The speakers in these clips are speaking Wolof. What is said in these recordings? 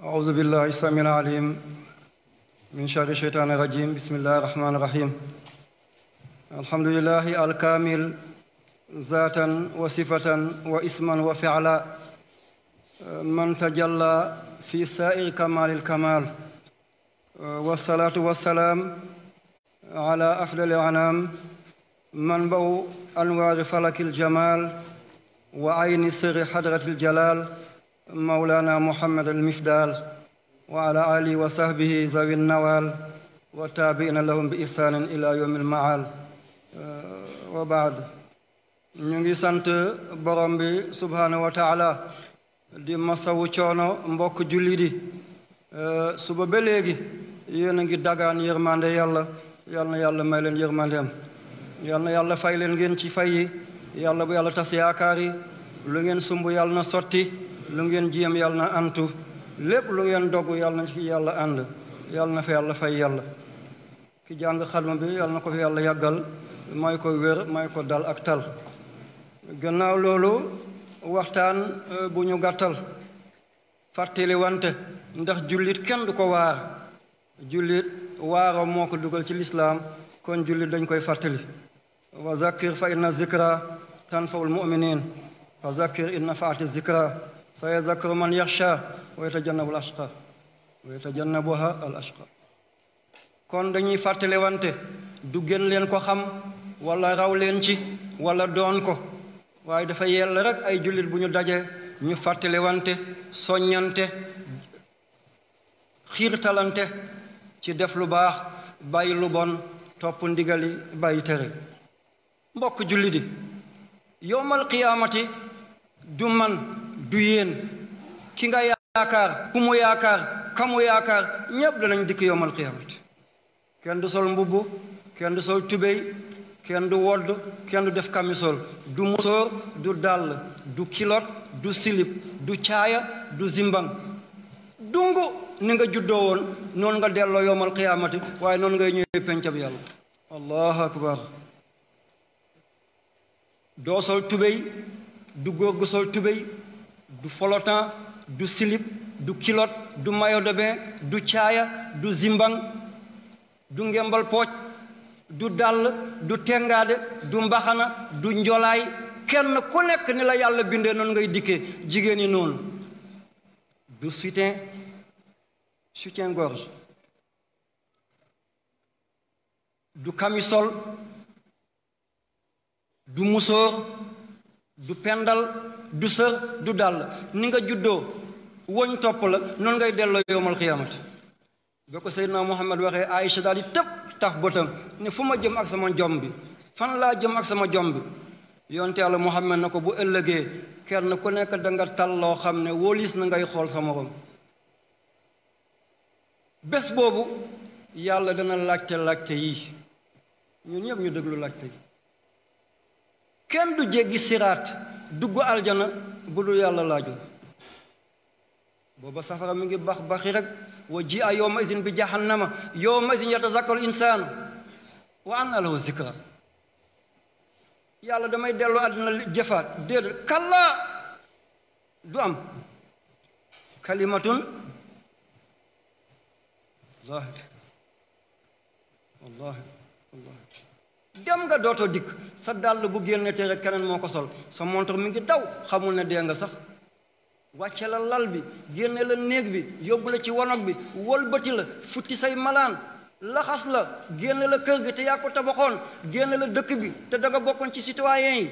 أعوذ بالله السميع العليم من شر الشيطان الرجيم بسم الله الرحمن الرحيم الحمد لله الكامل ذاتا وصفة واسما وفعلا من تجلى في سائر كمال الكمال والصلاة والسلام على أفضل الأنام منبع أنوار فلك الجمال وعين سر حضرة الجلال مولانا محمد المفدال وعلى آله وصحبه ذوي النوال وتابعين لهم بإحسان إلى يوم المعال وبعد ñu ngi sant borom bi subhaanahu wa taala di masawu coono mbokk julli suba ba léegi yéen ngi dagaan yërmande yàlla yal na yàlla may leen yërmandeem yal ngeen ci fay yi bu yàlla tas yaakaar lu ngeen sumb yàlla na sotti lu ngeen jéem yàlla na antu lépp lu ngeen dogg yàlla na ci yàlla ànd yàlla na fi yàlla fay yàlla ki jàng xalma bi yàlla na ko fi yàlla yàggal may ko wér may ko dal ak tal gannaaw loolu waxtaan euh, bu ñu gàttal fàttali wante ndax jullit kenn du ko waar jullit waaram moo ko dugal ci lislaam kon jullit dañ koy fàttali wa zakir fa inna zikra tanfaul muminin fa zakir inna faati zikra sayadhakkaru man yaxsha wa yatajannabu al ashqa wa yatajannabuha al ashqa kon dañuy fàttale wante du gën leen ko xam walla raw leen ci wala doon ko waaye dafa yell rek ay jullit bu ñu daje ñu fàttale wante xiir xiirtalante ci def lu baax bàyyi bon topp ndigali bàyyi tere mbokk jullit yi yowmal du man du yéen ki nga yaakaar ku mu yaakaar ka yaakaar ñépp danañ dikk yowmal qiyaamati kenn du sol mbubb kenn du sol tubéy kenn du wodd kenn du def kamisol du musóor du dàll du kilote du silip du caaya du zimbang dungu ni nga juddoo woon noonu nga delloo yowmal qiyaamati waaye noonu ngay ñëwee pencab yàlla allahu akbar doo sol tubéy du góor sol tubéy du folotan du silip du kilot du mayo de bain du caaya du zimbang du ngembal pooc du dàll du tengaade du mbaxana du njolaay kenn ku nekk ni la yàlla bindee noonu ngay dikkee jigéeni noonu du soutien soutien gorge du camisole du musóor du pendal du sa du dàll ni nga juddoo woñ topp la noonu ngay delloo yowmal xiyaamati boo ko Seydina Muhammad waxee Aïcha daal di tëb tax bëtam ne fu ma jëm ak sama jom bi fan laa jëm ak sama jom bi yonte yàlla Muhammad na ko bu ëllëgee na ku nekk danga tal loo xam ne wóolis na ngay xool sa morom bés boobu yàlla dana laajte laajte yi ñun ñëpp ñu déglu laajte yi kenn du jéggi siraat dugg aljana bu dul yàlla laaju booba safara mu ngi bax baxi rek wa ji a yowma isin bi jahannama yowma isin yatazakkaru insaanu wa anna lahu zikra yàlla damay dellu àddina jëfaat déedéet kalla du am kalimatun zahir wallahi dem nga dootoo dikk sa dàll bu génne te keneen moo ko sol sa montre mi ngi daw xamul na dee nga sax wàcce la lal bi génne la néeg bi yóbbu la ci wanag bi wolbati la futti say malaan laxas la génne la kër gi te yaa ko tabaxoon génne la dëkk bi te da nga bokkoon ci citoyen yi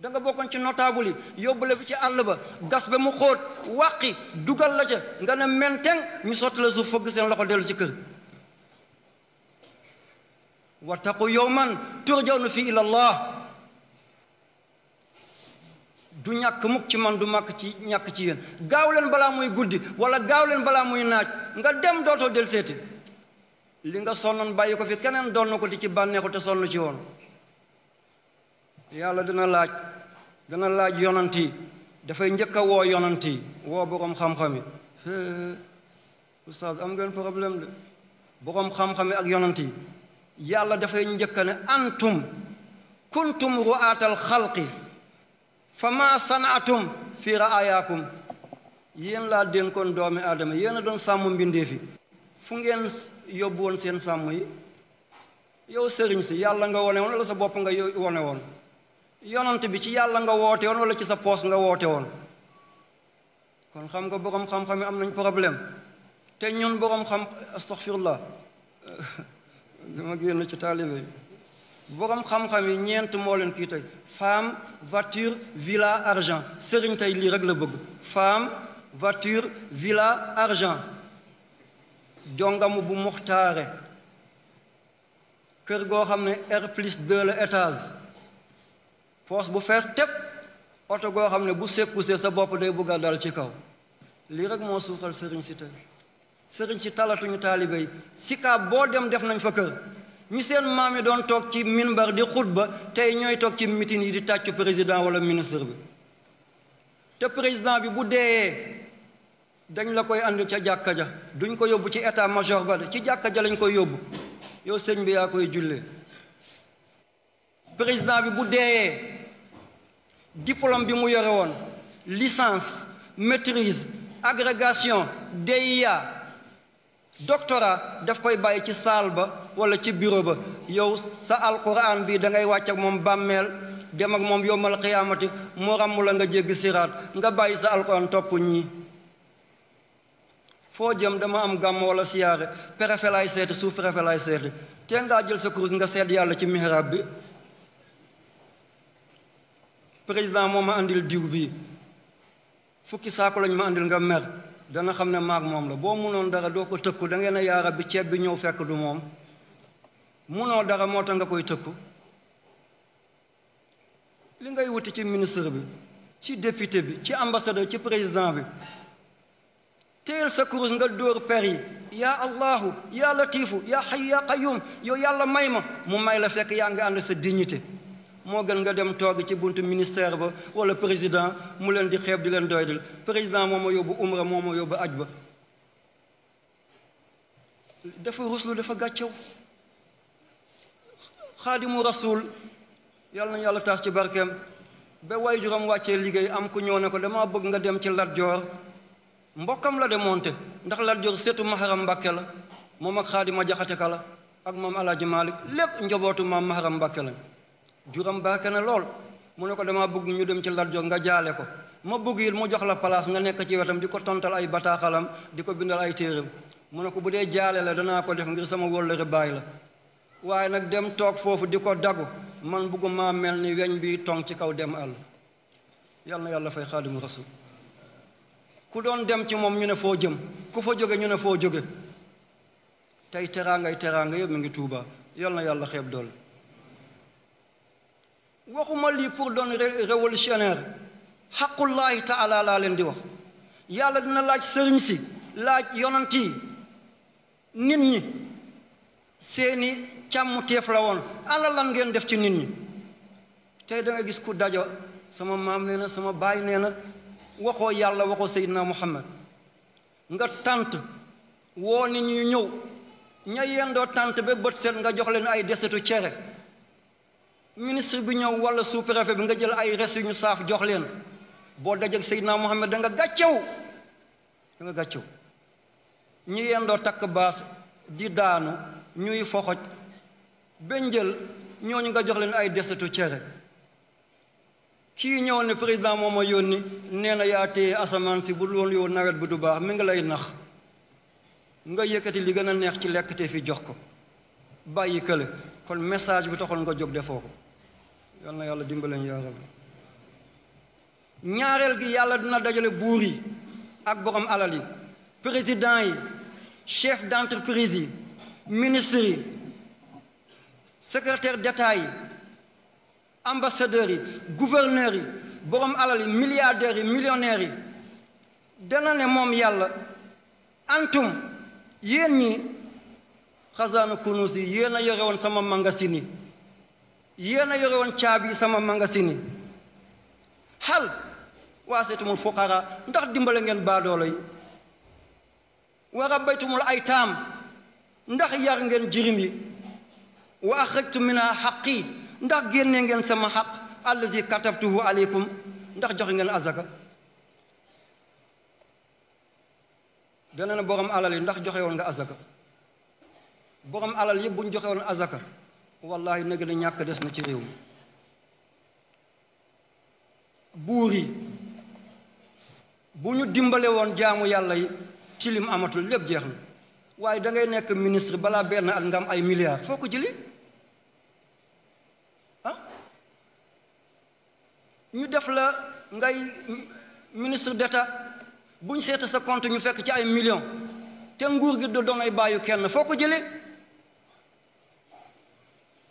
da nga bokkoon ci notable yi yóbbu la fi ci àll ba gas ba mu xóot wàqi dugal la ca nga ne menteng ñu sotti la suuf fëgg seen loxo dellu ci kër wattaqu yowman turjawna fi ila allah du ñàkk mukk ci man du màkk ci ñàkk ci yéen gaaw leen balaa muy guddi wala gaaw leen balaa muy naaj nga dem dootoo del seeti li nga sonnoon bàyyi ko fi keneen doon na ko di ci bànneexu te sonn ci woon yàlla dana laaj dana laaj yonant dafay njëkk a woo yonanti woo boroom xam-xam yi oustaz am ngeen problème de boroom xam-xam yi ak yonant yàlla dafay njëkk ne antum kuntum ru'aatal xalqi fa maa sanaatum fi raayaakum yéen laa dénkoon doomi aadama yéen a doon sàmm mbindee fi fu ngeen yóbbu woon seen sàmm yi yow sëriñ si yàlla nga wone woon wala sa bopp nga wone woon yonant bi ci yàlla nga woote woon wala ci sa poos nga woote woon kon xam nga boroom xam-xam yi am nañ problème te ñun boroom xam astaghfirullah dama génn ci taalibe yi borom xam-xam yi ñeent moo leen kii tey femme voiture villa argent sëriñ tey lii rek la bëgg femme voiture villa argent jongamu bu muxtaare kër goo xam ne R plus 2 la étage force bu fees tëpp oto goo xam ne bu sekkusee sa bopp day bëgg a dal ci kaw lii rek moo suuxal sëriñ si tey sëriñ si talatuñu taalibe yi sikaab boo dem def nañ fa kër ñi seen maam yi doon toog ci minbar di xutba tey ñooy toog ci mitin yi di tàccu président wala ministre bi te président bi bu deeyee dañ la koy ànd ca jàkka ja duñ ko yóbbu ci état major ba de ci jàkka ja lañu koy yóbbu yow sëñ bi yaa koy jullee président bi bu deeyee diplôme bi mu yore woon licence maîtrise agrégation DEA doctorat daf koy bàyyi ci saal ba wala ci bureau ba yow sa alquran bi da ngay wàcc ak moom bàmmeel dem ak moom yombal xiyaamati mu ràmm la nga jéggi siraat nga bàyyi sa alquran topp ñii foo jëm dama am gàmm wala siyaare préfet laay seeti suuf préfet laay seeti te ngaa jël sa kurus nga seet yàlla ci mihrab bi président moo ma andil diw bii fukki saako lañ ma andil nga mer dana xam ne maag moom la boo munoon dara doo ko tëkku da ngeen a yaara bi ceeb bi ñëw fekk du moom munoo dara moo tax nga koy tëkku li ngay wuti ci ministre bi ci député bi ci ambassadeur ci président bi teel sa kurus nga dóor per yi yaa allahu yaa latifu yaa xay yaa qayum yow yàlla may ma mu may la fekk yaa ngi ànd sa dignité moo gën nga dem toog ci buntu ministère ba wala président mu leen di xeeb di leen doydil président moo ma yóbbu umra moo ma yóbbu aj ba dafa ruslu dafa gàccew xaadimu rasuul yàlla na yàlla taas ci barkeem ba way juróom wàccee liggéey am ku ñëw ne ko dama bëgg nga dem ci Lat Joor mbokkam la demoonte ndax Lat Joor seetu Maharam Mbàkke la moom ak xaadima jaxate ka la ak moom alaaji Maalik lépp njobootu maam Maharam Mbàkke lañ juram barke na lool mu ne ko dama bëgg ñu dem ci Lat Joor nga jaale ko ma bëgg it mu jox la place nga nekk ci wetam di ko tontal ay bataaxalam di ko bindal ay téeram mu ne ko bu dee jaale la danaa ko def ngir sama wóllëre baay la waaye nag dem toog foofu di ko dagu man bëgguma mel ni weñ bi tong ci kaw dem àll yal na yàlla fay xaadimu rasul ku doon dem ci moom ñu ne foo jëm ku fa jóge ñu ne foo jóge tey teraangay teraanga yëpp mu ngi tuubaa yal na yàlla xeeb doole waxuma lii pour doon révolutionnaire xaqullaahi taala laa leen di wax yàlla dina laaj sëriñ si laaj yonant yi nit ñi seeni càmm teef la woon ala lan ngeen def ci nit ñi tey da gis ku dajo sama maam nee na sama baay nee na waxoo yàlla waxoo seydina muhammad nga tànt woo nit ñi ñëw ña yendoo tànt ba bët set nga jox leen ay desetu cere ministre bi ñëw wala sous préfet bi nga jël ay res yu ñu saaf jox leen boo dajeg Seydina Mohamed da nga gàccew da nga gàccew ñu yendoo takk baas di daanu ñuy foxoj benn jël ñooñu nga jox leen ay desetu cere kii ñëw ne président moom a yónni nee na yaa téye asamaan si bu loolu yow nawet bi du baax mi ngi lay nax nga yëkkati li gën a neex ci lekk te fi jox ko bàyyi kële kon message bi taxoon nga jóg defoo ko yal na yàlla dimbale ñu yàlla ñaareel gi yàlla dina dajale buur yi ak borom alal yi président yi chef d'entreprise yi ministre yi secrétaire d'état yi ambassadeurs yi gouverneurs yi borom alal yi milliardaires yi millionnaires yi dana ne moom yàlla antum yéen ñi xasaana kunus yi yéen a yore woon sama magasin yi yéen a yore woon caabi sama magasin yi hal waaseetumul fuqara ndax dimbale ngeen baadoolo yi wa rabbaytumul aytaam ndax yar ngeen jirim yi wa axrajtu mina xaqi ndax génne ngeen sama xaq allazi katabtuhu aleykum ndax joxe ngeen azaka dana na borom alal yi ndax joxe woon nga azaka borom alal yëpp bu ñu joxe woon azaka wallaay nag la ñàkk des na ci réew mi buur yi bu ñu dimbale woon jaamu yàlla yi ci lim amatul lépp jeex na waaye da ngay nekk ministre balaa benn at ngam ay milliards foo ko jëlee ah ñu def la ngay ministre d'état bu ñu seeta sa compte ñu fekk ci ay million te nguur gi du doonay bàyyu kenn foo ko jëlee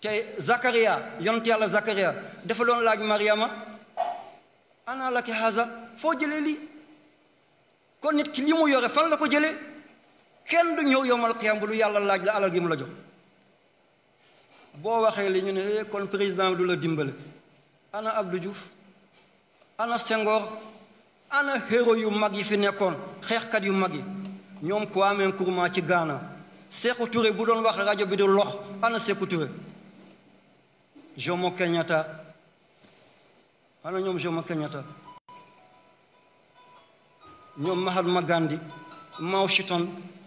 tey Zakaria yonent yàlla Zakaria dafa doon laaj Mariama ana laki haza foo jëlee lii kon nit ki li mu yore fan la ko jëlee kenn du ñëw yomal xiyam bu lu yàlla laaj la alal gi mu la jox boo waxee li ñu ne eh, kon président du la dimbale ana Abdou Diouf ana Senghor ana héros yu mag yi fi nekkoon xeexkat yu mag yi ñoom Kwame Nkrumah ci Ghana Sékou Touré bu doon wax rajo bi du lox ana Sékou Touré Jomo Kenyatta xana ñoom Jomo Kenyatta ñoom Mahatma Gandhi Mao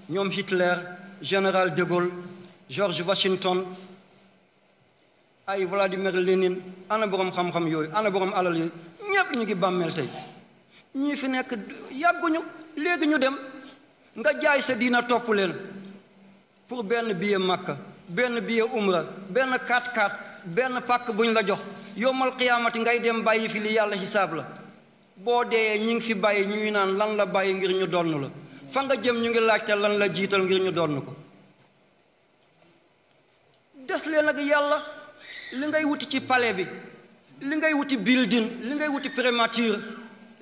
ñoom Hitler général de Gaulle George Washington ay Vladimir Lénine ana borom xam-xam yooyu ana borom alal yooyu ñépp ñu ngi bàmmeel tey ñii fi nekk yàgguñu léegi ñu dem nga jaay sa diina topp leen pour benn billet Makka benn billet Umra benn 4-4 benn pàkk ñu la jox yowmal qiyaamati ngay dem bàyyi fi li yàlla xisaab la boo dee ñi ngi fi bàyyi ñu ngi naan lan la bàyyi ngir ñu donn la fa jëm ñu ngi laajte lan la jiital ngir ñu donn ko des leen ak yàlla li ngay wuti ci pale bi li ngay wuti building li ngay wuti primature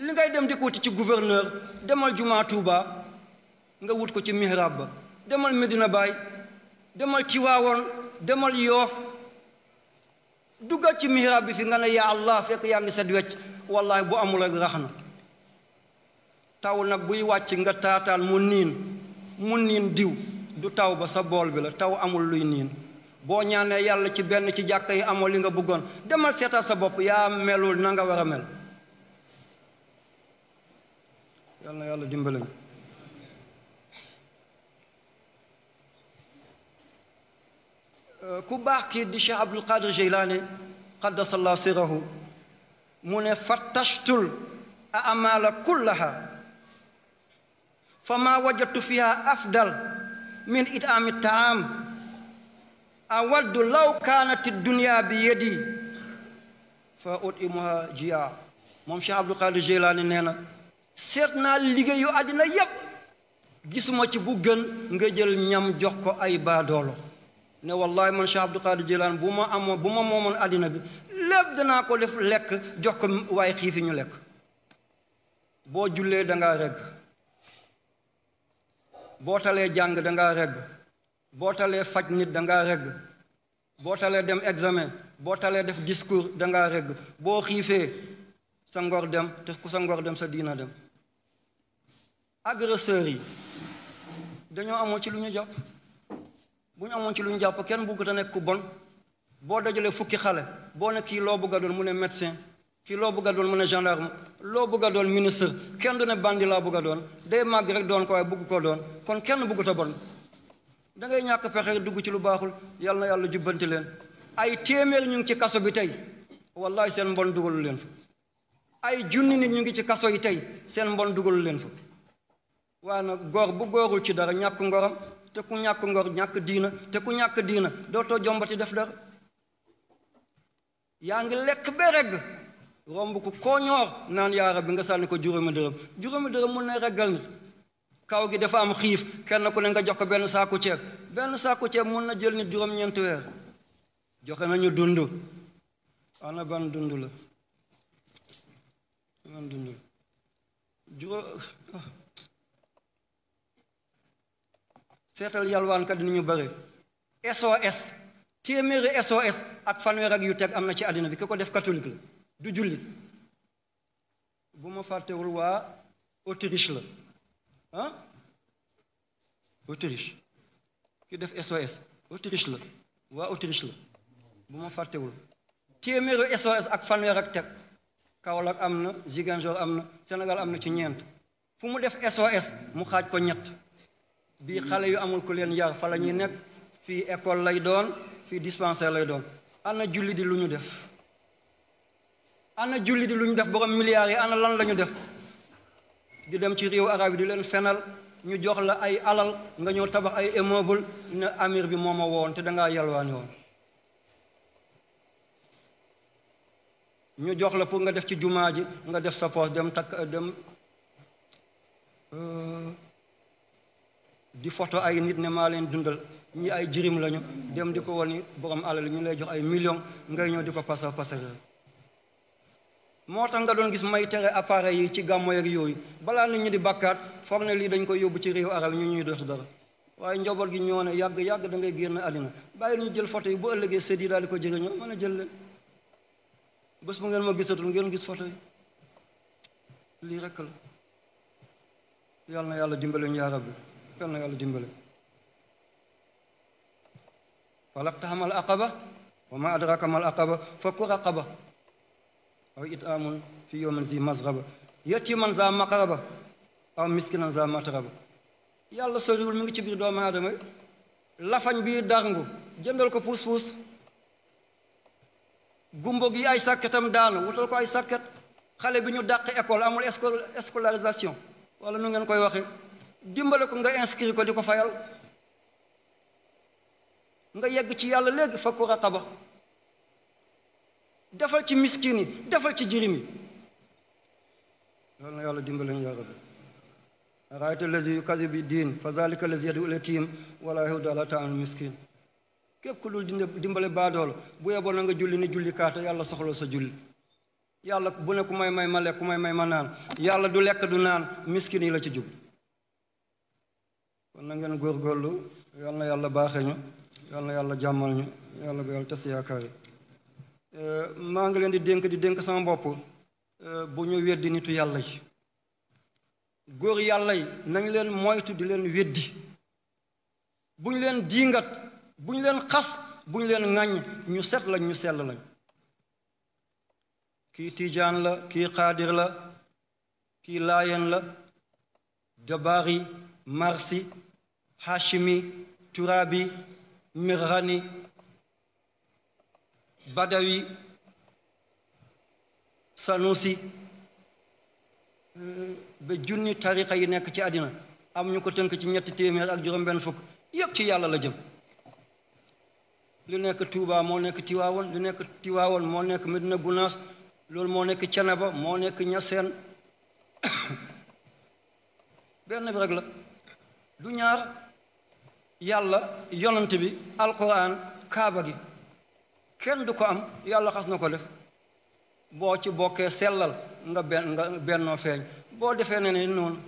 li ngay dem di ko wuti ci gouverneur demal jumaa Tuuba nga wut ko ci mihrab ba demal Medina Baay demal Tiwaawoon demal Yoof duggaat ci mihrab bi fi nga ne yaa fekk yaa ngi set wecc wallahi bu amul ak rax na taw nag buy wàcc nga taataan mu niin mu niin diw du taw ba sa bool bi la taw amul luy niin boo ñaanee yàlla ci benn ci jàkka yi amoo li nga bëggoon demal seetal sa bopp yaa melul na nga war a mel yàlla na yàlla dimbalañu Euh, ku baax kii di Cheikh Abdul Qadir Jeylaani qaddasallahu sirahu mu ne fattashtul a amaala kullaha fa ma wajadtu fiha afdal min itaami taam awaddu law kaanat dunia bi yadi fa utimuha jia moom Cheikh Abdul Qadir Jeylaani nee na seet naa liggéeyu àddina gisuma ci bu gën nga jël ñam jox ko ay baadoolo ne wallahi man Cheikh Abdou Qadir Jilaan bu ma amoon bu ma moomoon àddina bi lépp danaa ko def lekk jox ko waaye xiifi ñu lekk boo jullee dangaa reg boo talee jàng dangaa reg boo talee faj nit dangaa regg boo talee dem examen boo talee def discours dangaa reg boo xiifee sa ngor dem te ku sa ngor dem sa diina dem agresseurs yi dañoo amoon ci lu ñu jàpp bu ñu amoon ci lu ñu jàpp kenn bugg te nekk ku bon boo dajalee fukki xale boo ne kii loo bugg doon mu ne médecin kii loo bugg doon mu ne gendarme loo bugg doon ministre kenn du ne bandi laa bugg a doon day màgg rek doon ko waaye ko doon kon kenn bugg te bon da ngay ñàkk pexe dugg ci lu baaxul yàlla yàlla jubbanti leen ay téeméer ñu ngi ci kaso bi tey wallahi seen mbon dugalu leen fa ay junni nit ñu ngi ci kaso yi tey seen mbon dugalu leen fa waaye nag góor bu góorul ci dara ñàkk ngoram te ku ñàkk ngor ñàkk diina te ku ñàkk diina dootoo jombati def dara yaa ngi lekk ba regg romb ko koo ñoor naan yaara bi nga sànni ko juróomi dërëm juróomi dërëm mun na reggal nit kaw gi dafa am xiif kenn ku ne nga jox ko benn saaku ceeb benn saaku ceeb mun na jël ni juróom-ñeenti weer joxe nañu dund ana ban ban dund la seetal yalwaankat ni ñu bare SOS téeméeri SOS ak fanweer ak yu teg am na ci àddina bi ki ko def catholique la du jullit bu ma fàttewul waa Autriche la ah Autriche ki def SOS Autriche la waa Autriche la bu ma fàttewul téeméeri SOS ak fanweer ak teg Kaolack am na Ziguinchor am na Sénégal am na ci ñeent fu mu def SOS mu xaaj ko ñett bii xale yu amul ku leen yar fa la ñuy nekk fii école lay doon fii dispensaire lay doon ana julli di lu ñu def ana julli di lu ñu def borom milliards yi ana lan la def di dem ci réew arab yi di leen fenal ñu jox la ay alal nga ñëw tabax ay immeuble ne amir bi moom ma woon te dangaa yalwaani woon ñu jox la pour nga def ci jumaa ji nga def sa poos dem takk dem euh, di foto ay nit ne maa leen dundal ñi ay jirim lañu dem di ko woni borom alal ñu lay jox ay million ngay ñëw di ko pasar pasaree moo tax nga doon gis may tere appareil yi ci gàmmo ak yooyu balaa nit ñi di bàkkaat foog ne lii dañ koy yóbbu ci réew arab ñu ñuy dox dara waaye njaboot gi ñoo ne yàgg yàgg da ngay génn àddina bàyyi ñu jël foto yi bu ëllëgee sët yi daal di ko jëriñoo mën a jël leen bés bu ngeen ma gisatul ngeen gis photo yi lii rekk la yàlla dimbale ñu yaa yal na yàlla dimbale falaqtahamal aqaba wa ma adraka mal aqaba fakku raqaba aw itaamun fi yawmin zi masraba yatiman za maqraba aw miskinan za matraba yàlla soriwul mu ngi ci biir doomu aadama lafañ bii darngu jëndal ko fuus-fuus gumbo gi ay sàkketam daanu wutal ko ay sàkket xale bi ñu dàq école amul scolarisation wala nu ngeen koy waxe dimbale ko nga inscrit ko di ko fayal nga yegg ci yàlla léegi fakku raqaba defal ci miskin yi defal ci jirim yi yàlla na yàlla dimbale ñu yaa rabbi raayta lazi yukazibu diin fa wala yahudu ala miskin képp ku dul dimbale baadool bu yeboon nga julli ni julli yàlla soxla sa julli yàlla bu ne ku may yàlla du lekk du naan miskin yi la ci jublu kon na ngeen góorgóorlu yal na yàlla baaxee ñu yal na yàlla jàmmal ñu yàlla bu euh, ngi leen di dénk di dénk sama bopp euh, bu ñu weddi nitu yàlla yi góor yàlla yi nañ leen moytu di leen weddi bu ñu leen diingat bu ñu leen xas bu ñu leen ŋàññ ñu set lañ ñu sel lañ kii tiijaan la kii xaadir la kii laayeen la jabaari marsi hashimi turabi mirghani badawi sanusi ba junni tariqa yi nekk ci àddina am ñu ko tënk ci ñetti téeméer ak juróom-benn fukk yépp ci yàlla la jëm lu nekk Touba moo nekk Tiwaawoon lu nekk Tiwaawoon moo nekk Medina Gunaas loolu moo nekk Ceneba moo nekk Ñaseen benn bi rek la du ñaar yàlla yonent bi alquran kaaba gi kenn du ko am yàlla xas na ko def boo ci bokkee sellal nga benn nga bennoo feeñ boo defee ne ne noonu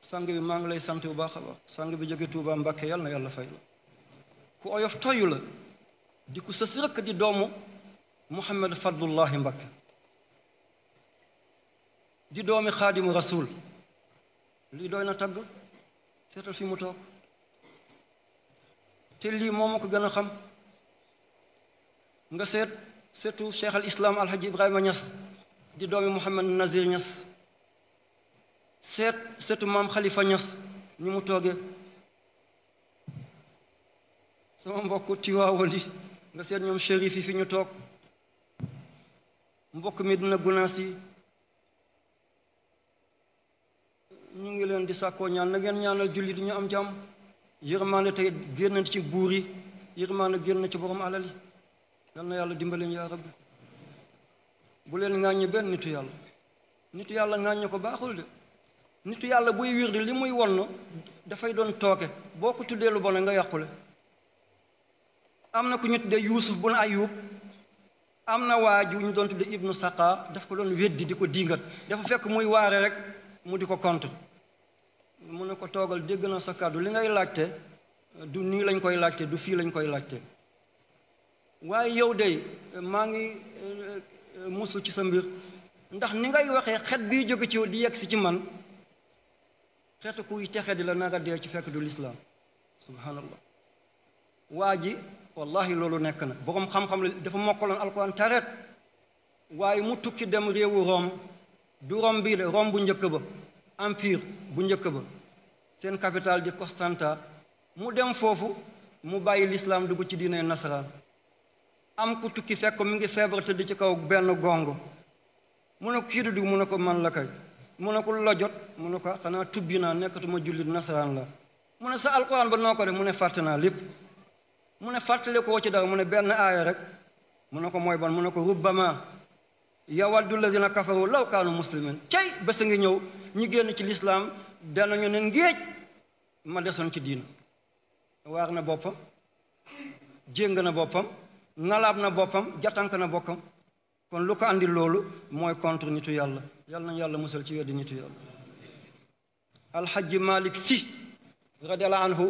sang bi maa ngi lay sant bu baax a bi jóge Tuuba Mbàkke yàlla na yàlla fay la ku oyof toyu la di ku sës rëkk di doomu Muhammad Fadlullahi Mbàkke di doomi xaadimu rasul lii doy na tagg seetal fi mu toog te lii moom ma ko gën a xam nga seet surtout cheikh al islam alhaji ibrahima ñas di doomi mouhamad nazir ñas seet seetu maam xalifa ñas ni mu toogee sama mbokk tiwaawoon nga seet ñoom chérif yi fi ñu toog mbokk mi dina gunaas yi ñu ngi leen di sàkkoo ñaan na ngeen ñaanal julli ñu am jàmm yërmaande tey génn na ci buur yi yërmaande génn na ci borom alal yi yal na yàlla dimbaleen yaa rabbi bu leen ŋàññi benn nitu yàlla nitu yàlla ŋàññi ko baaxul de nitu yàlla buy wirdi li muy won dafay doon tooke boo ko tuddee lu bon nga yàqule am na ku ñu tuddee yuusuf bun ayub am na waa ju ñu doon tuddee ibnu saqa daf ko doon weddi di ko diingat dafa fekk muy waare rek mu di ko contre mu ne ko toogal dégg na sa kàddu li ngay laajte du nii lañ koy laajte du fii lañ koy laajte waaye yow dey maa ngi eh, musul ci sa mbir ndax ni ngay waxee xet biy jóge ci di yegg si ci man xeetu kuy texe di la nara dee ci fekk du lislaam subhanallah waa ji wallahi loolu nekk na boroom xam-xam la dafa mokkaloon alquran taret waaye mu tukki dem réewu Rome du Rome bii de Rome bu njëkk ba empire bu njëkk ba seen capital di kostanta mu dem foofu mu bàyyi lislaam dugg ci diine nasaraan am ku tukki fekk mu ngi feebar tëdd ci kaw benn gongo mu ne kii du mu ne ko man la mu ne ko la jot mu ne ko xanaa tubbi naa nekkatuma jullit nasaraan la mu ne sa alquran ba noo ko def mu ne fàtte naa lépp mu ne fàttale koo ci dara mu ne benn aaya rek mu ne ko mooy ban mu ne ko rubbama yawaddu lazina kafaru law kaanu muslimin cey bés ngi ñëw ñi génn ci lislaam danañu ne ngéej ma desoon ci diina waar na boppam jéng na boppam ngalaab na boppam jatank na boppam kon lu ko andi loolu mooy contre nitu yàlla yàlla nañu yàlla musal ci weddi nitu yàlla alxaji malik si radiallahu anhu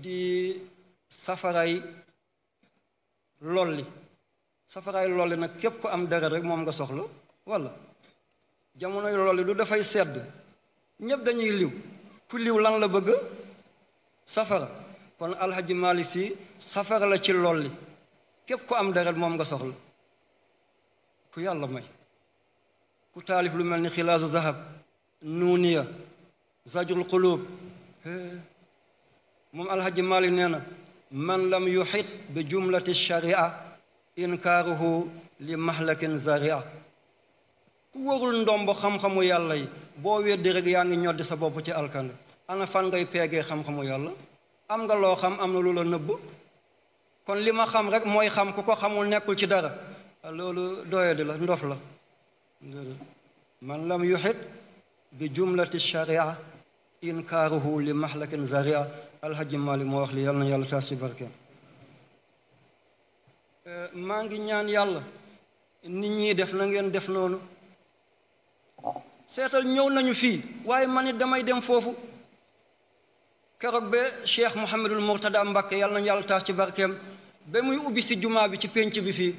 di safaray lolli safaray lolli nag képp am dara rek moom nga soxla walla jamono yu du dafay sedd ñëpp dañuy liw ku liw lan la bëgg safara kon alxaji Malick Sy safara la ci lolli képp ku am deret moom nga soxla ku yàlla may ku taalif lu mel ni xilaasu zahab nuuniya zajrul qulub moom alxaji Malick nee na man lam yuxit bi jumlati sharia inkaaruhu li mahlakin zaria warul ndomb xam-xamu yàlla yi boo weddi rek yaa ngi ñoddi sa bopp ci alkande ana fan ngay peegee xam-xamu yàlla am nga loo xam am na lu la nëbb kon li ma xam rek mooy xam ku ko xamul nekkul ci dara ah, loolu doyadi la ndof la man lam yuxit bi jumlati sharia inkaaruhu li mahlakin zaria alhaji mali moo wax li yàlla na yàlla taas ci barkeem eh, maa ngi ñaan yàlla nit ñi def na ngeen def noonu seetal ñëw nañu fii waaye man it damay dem foofu keroog ba cheikh mouhamadul mourtada mbàkke yàlla nañu yàlla taas ci barkeem ba muy ubbi si jumaa bi ci pénc bi fii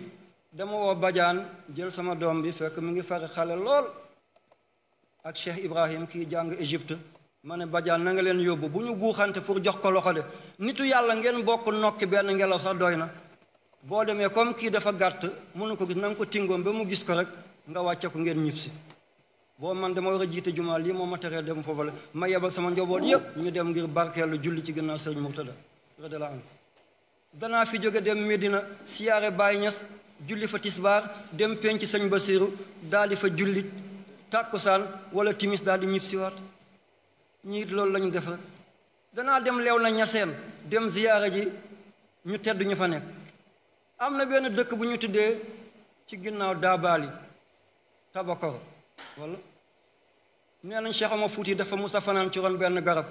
dama woo bajaan jël sama doom bi fekk mu ngi fari xale lool ak cheikh ibrahim kii jàng égypte ma ne bajaan na nga leen yóbbu bu ñu guuxante pour jox ko loxo de nitu yàlla ngeen bokk nokki benn ngelaw sax doy na boo demee comme kii dafa gàtt mënu ko gis na ko tingoom ba mu gis ko rek nga wàcce ko ngeen ñibbisi boo man dama war a jiite jumaa lii moo ma teree dem foofu la ma yebal sama njaboot yëpp ñu dem ngir barkeelu julli ci gannaaw sëriñ Murtada radiyallaahu anhu danaa fi jóge dem Medina siyaare Baay Ñas julli fa tisbaar dem penc sëñ Basiru daal di fa julli tàkkusaan wala timis daal di ñib siwaat ñii loolu la ñu danaa dem leew na ñaseen dem ziyaare ji ñu tedd ñu fa nekk am na benn dëkk bu ñu tuddee ci ginnaaw daabaali tabakoro wala nee nañ Cheikh Omar Fouti dafa musa fanaan ci ron benn garab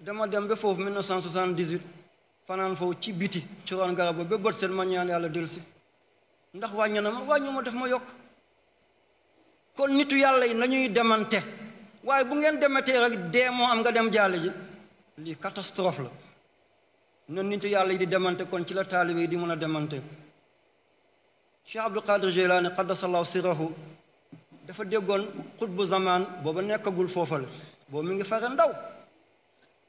dama dem ba foofu 1978 fanaan foofu ci biti ci ron garab ba ba bët seen ma ñaan yàlla dellusi ndax wàññi na ma wàññi ma ma yokk kon nitu yàlla yi nañuy demante waaye bu ngeen dematee rek dee moo am nga dem jaale ji lii catastrophe la na nitu yàlla yi di demante kon ci la taalibe yi di mën a demante Cheikh Abdul Qadir Jilani qaddasallahu sirahu dafa déggoon xutbu zamaan booba nekkagul foofa la boobu mi ngi fare ndaw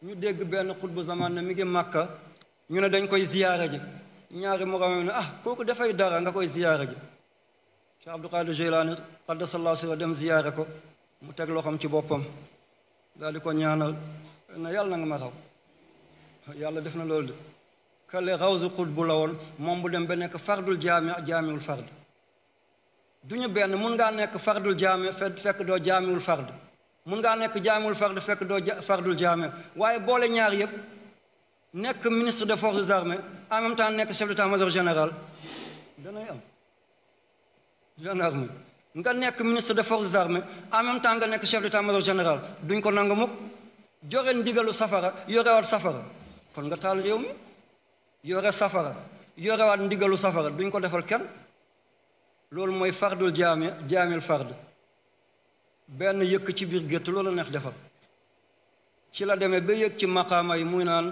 ñu dégg benn xutbu zamaan ne mi ngi màkka ñu ne dañ koy ziyaara ji ñaari moroomam ne ah kooku dafay dara nga koy ziyaara ji Cheikh Abdul Qadir Jeylaani qaddasallahu sirra dem ziyaara ko mu teg loxoom ci boppam daal di ko ñaanal na yàlla na nga ma raw yàlla def na loolu de kale rawsu xutbu la woon moom bu dem ba nekk fardul jaami jaamiwul fard du ñu benn mun ngaa nekk fardul jaame fekk doo jaamiwul fard mun ngaa nekk jaamiwul fard fekk doo fardul jaame waaye boole ñaar yëpp nekk ministre de forces armées en même temps nekk chef d'état-major général danay am gendarme nga nekk ministre des forces armées en même temps nga nekk chef d'état-major général duñ ko nanga mukk jore ndigalu safara yorewaat safara kon nga taal réew mi yore safara yorewaat ndigalu safara duñ ko defal kenn loolu mooy fardul jaami jaamil fard benn yëkk ci biir gétt loolu neex defal ci la demee ba yëg ci maqaama yi muy naan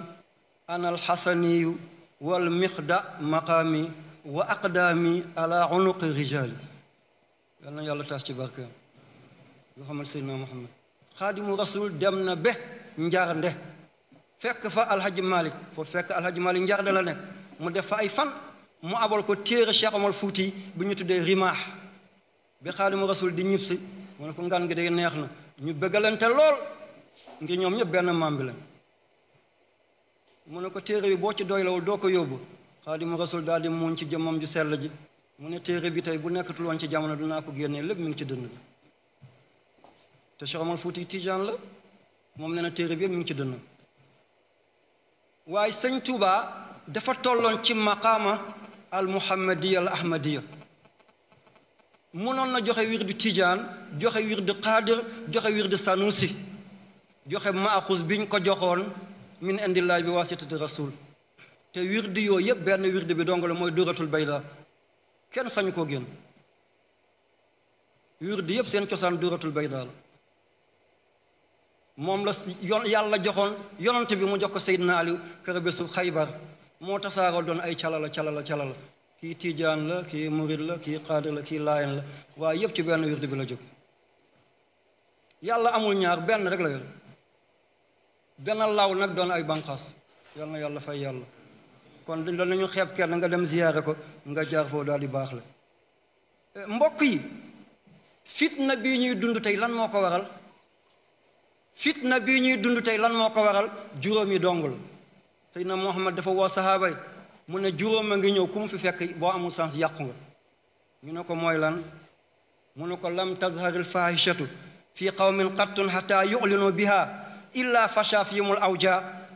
anal xasaniyu wal miqda maqaami wa aqdaami ala unuqi rijaali yàlla taas ci barkeem muhammad seydina muhammad xaadimu rasul dem na be njarnde fekk fa alhaji malik foo fekk alhaji malik njarnde la nekk mu def fa ay fan mu abal ko téere Cheikh fuuti bu ñu tuddee rimaax bi xaadimu rasul di ñib si mu ne ko ngaan gi day neex na ñu bëggalante lool ngir ñoom ñëpp benn maam bi lañ mu ne ko téere bi boo ci doylawul doo ko yóbbu xaadimu rasul daal di muñ ci jëmmam ju sell ji mu ne téere bi tey bu nekkatul ci jamono dinaa ko génnee lépp mu ngi ci dënn bi te Cheikh Omar la moom nee téere bi mi ngi ci dënn waaye sëñ Touba dafa tolloon ci maqaama al muhammadiya al ahmadiya mënoon na joxe wirdu tiijaan joxe wirdu qaadir joxe wirdu sanusi joxe maaxus biñ ko joxoon min indillaay bi waasitati rasul te wirdu yoo yëpp benn wirdu bi dong la mooy duratul baydaal kenn sañu koo génn wirdu yëpp seen cosaan duratul bayda la moom la yoon yàlla joxoon yonante bi mu jox ko Seydina Aliou kër bésu Xaybar moo tasaaroo doon ay calala calala calala kii tiijaan la kii murid la kii xaadir la kii laayan la waaye yépp ci benn wirdu bi la jóg yàlla amul ñaar benn rek la yor benn law nag doon ay banqaas yal na yàlla fay yàlla kon danañu xeeb kenn nga dem ziyaare ko nga jaar foo daal di baax la eh, mbokk yi fitna bii ñuy dund tey lan moo ko waral fitna bii ñuy dund tey lan moo ko waral juróomi dongul Seydina Muhammad dafa woo sahaaba yi mu ne juróom a ngi ñëw ku mu fi fekk boo amul sens yàqu nga ñu ne ko mooy lan mu ne ko lam tazharil fahishatu fi qawmin qattun xata yu'linu biha illa fasha fihimul awja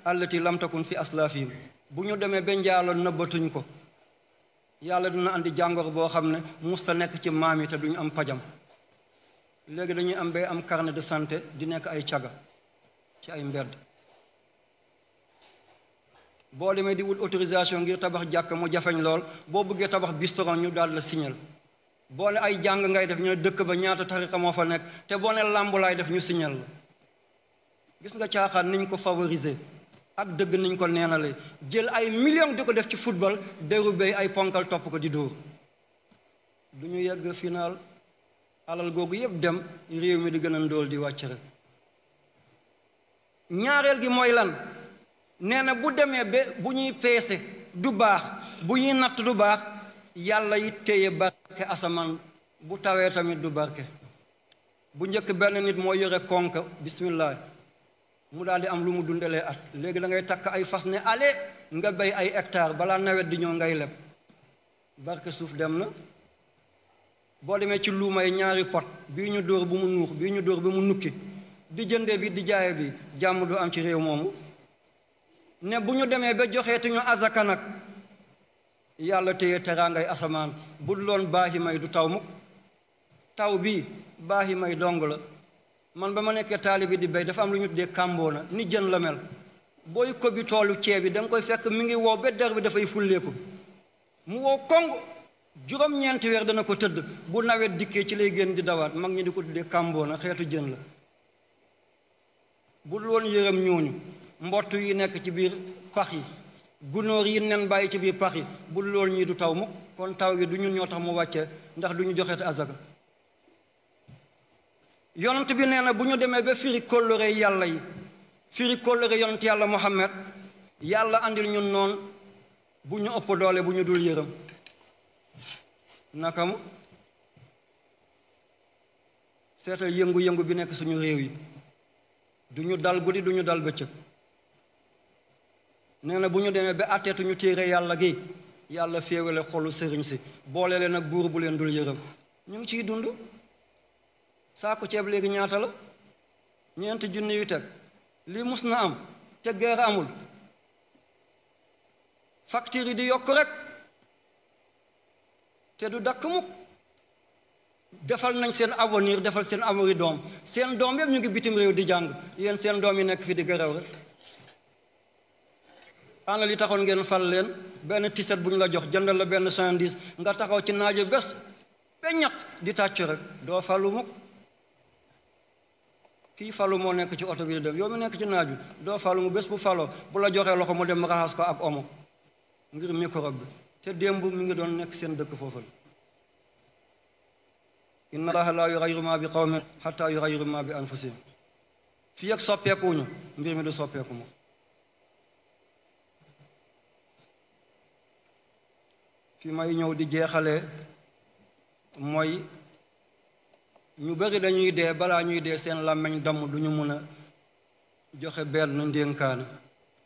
allati lam takun fi aslafihim bu ñu demee ba njaalo nëbbatuñ ko yàlla du dina andi jàngoro boo xam ne musta nekk ci maam yi te duñu am pajam léegi dañuy am bay am carnet de santé di nekk ay caga ci ay mbedd boo demee di wut autorisation ngir tabax jàkk mu jafeñ lool boo buggee tabax bistoron ñu daal la signal boo ne ay jàng ngay def ñu ne dëkk ba ñaata tariqa moo fa nekk te boo ne làmb def ñu signal la gis nga caaxaan niñ ko favoriser ak dëgg niñ ko neenale jël ay millions di ko def ci football dérubé ay ponkal topp ko di dóor du ñu yegg final alal googu yëpp dem réew mi di gën a ndóol di wàcc rek ñaareel gi mooy lan nee na bu demee ba bu ñuy peese du baax bu ñuy natt du baax yàlla yi téye barke asamaan bu tawee tamit du barke bu njëkk benn nit mooy yore konk bismillah mu daal di am lu mu dundalee at léegi da ngay takk ay fas ne ale nga béy ay hectare balaa nawet di ñëw ngay leb barke suuf dem na boo demee ci luuma ñaari pot bii ñu dóor bu mu nuux bii ñu dóor bi mu nukki di jëndee bi di jaaye bi jàmm du am ci réew moomu ne bu ñu demee ba joxeetuñu asaka nag yàlla téye teraangay asamaan bu loon baaxi may du taw mukk taw bi baaxi may dong la man ba ma nekkee taalibi di béy dafa am lu ñu tuddee kàmboona ni jën la mel booy ko toolu ceeb bi da koy fekk mi ngi wow ba der bi dafay fulleeku mu wow kong juróom-ñeenti weer dana ko tëdd bu nawet dikkee ci lay génn di dawaat mag ñi di ko tuddee kàmboona xeetu jën la bu loon yërëm ñooñu mbott yi nekk ci biir pax yi gunóor yi nen bàyyi ci biir pax yi bu lool ñii du taw mukk kon taw yi du ñun ñoo tax mu wàcce ndax du ñu joxeete azaka yonent bi nee na bu ñu demee ba fiir kóllëre yàlla yi firi kóllëre yonent yàlla Muhammad yàlla andil ñun noon bu ñu ëpp doole bu ñu dul yërëm naka mu seetal yëngu-yëngu bi nekk suñu réew yi duñu dal guddi duñu dal bëccëg nee na bu ñu demee ba àtteetuñu téere yàlla gi yàlla féewale xolu sëriñ si boole leen ak buur bu leen dul yërëm ñu ngi ciy dund saako ceeb léegi ñaata la ñeent junni yu teg lii mus na am te guerre amul facture yi di yokk rek te du dakk mukk defal nañ seen avenir defal seen avenir doom seen doom yëpp ñu ngi bitim réew di jàng yéen seen doom yi nekk fi di gërëw rek ana yi taxoon ngeen fal leen benn tiset bu ñu la jox jëndal la benn sandis nga taxaw ci naajo bés beñat di tàccu rek doo falu mukk kii falu moo nekk ci oto bi di dem yow mi nekk ci naaju doo falu mu bés bu faloo bu la joxee loxo mu dem raxas ko ak omo ngir microbe bi te démb mi ngi doon nekk seen dëkk foofu la inna allaha laa yughayyiru bi qawmin hattaa yughayyiru maa bi anfusihim fii ak soppeekuñu mbir mi du soppeeku ma fi may ñëw di jeexale mooy ñu bari dañuy dee balaa ñuy dee seen làmmiñ damm duñu mën a joxe benn ndénkaane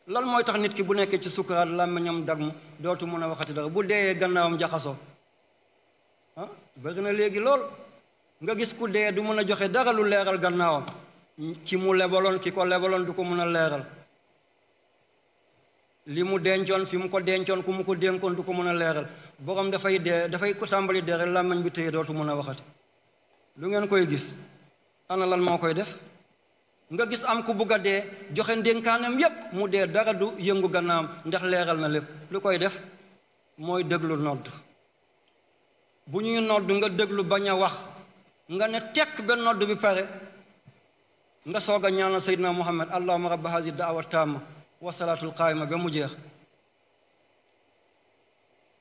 lan mooy tax nit ki bu nekkee ci sukkaraat làmmiñam damm dootu mun a waxati dara bu deeyee gannaawam jaxasoo ah bari na léegi lool nga gis ku dee du mën a joxe dara lu leeral gannaawam ki mu lebaloon ki ko lebaloon du ko mën a leeral li mu dencoon fi mu ko dencoon ku mu ko dénkoon du ko mën a leeral boroom dafay dee dafay ko tàmbali dee rek làmmiñ bi téye dootu mën a waxati lu ngeen koy gis ana lan moo koy def nga gis am ku bugg dee joxe ndénkaanam yépp mu dee dara du yëngu gannaam ndax leeral na lépp lu koy def mooy déglu nodd bu ñuy nodd nga déglu bañ a wax nga ne tekk ba nodd bi pare nga soog a ñaanal seydina muhammad allahuma rabba hazi daawa taama wasalaatul qaayima ba mu jeex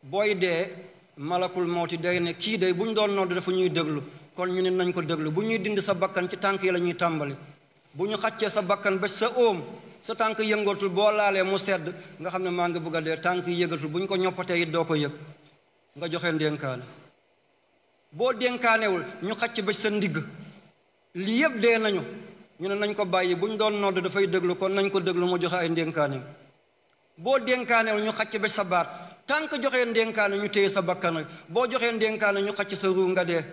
booy dee malakul mawti day ne kii day bu ñu doon nodd dafa ñuy déglu kon ñu ne nañ ko déglu bu ñuy dind sa bakkan ci tànk yi lañuy tàmbali bu ñu xaccee sa bakkan ba sa óom sa tànk yëngatul boo laalee mu sedd nga xam ne maa ngi bëgg dee tànk yi yëgatul bu ñu ko ñoppatee it doo ko yëg nga joxe ndénkaane boo dénkaanewul ñu xàcc ba sa ndigg lii yëpp dee nañu ñu ne nañ ko bàyyi bu ñu doon nodd dafay déglu kon nañ ko déglu moo joxe ay ndénkaane boo dénkaanewul ñu xacc ba sa baat tànk joxee ndénkaane ñu téye sa bakkan boo joxee ndénkaane ñu xacc sa ruu nga dee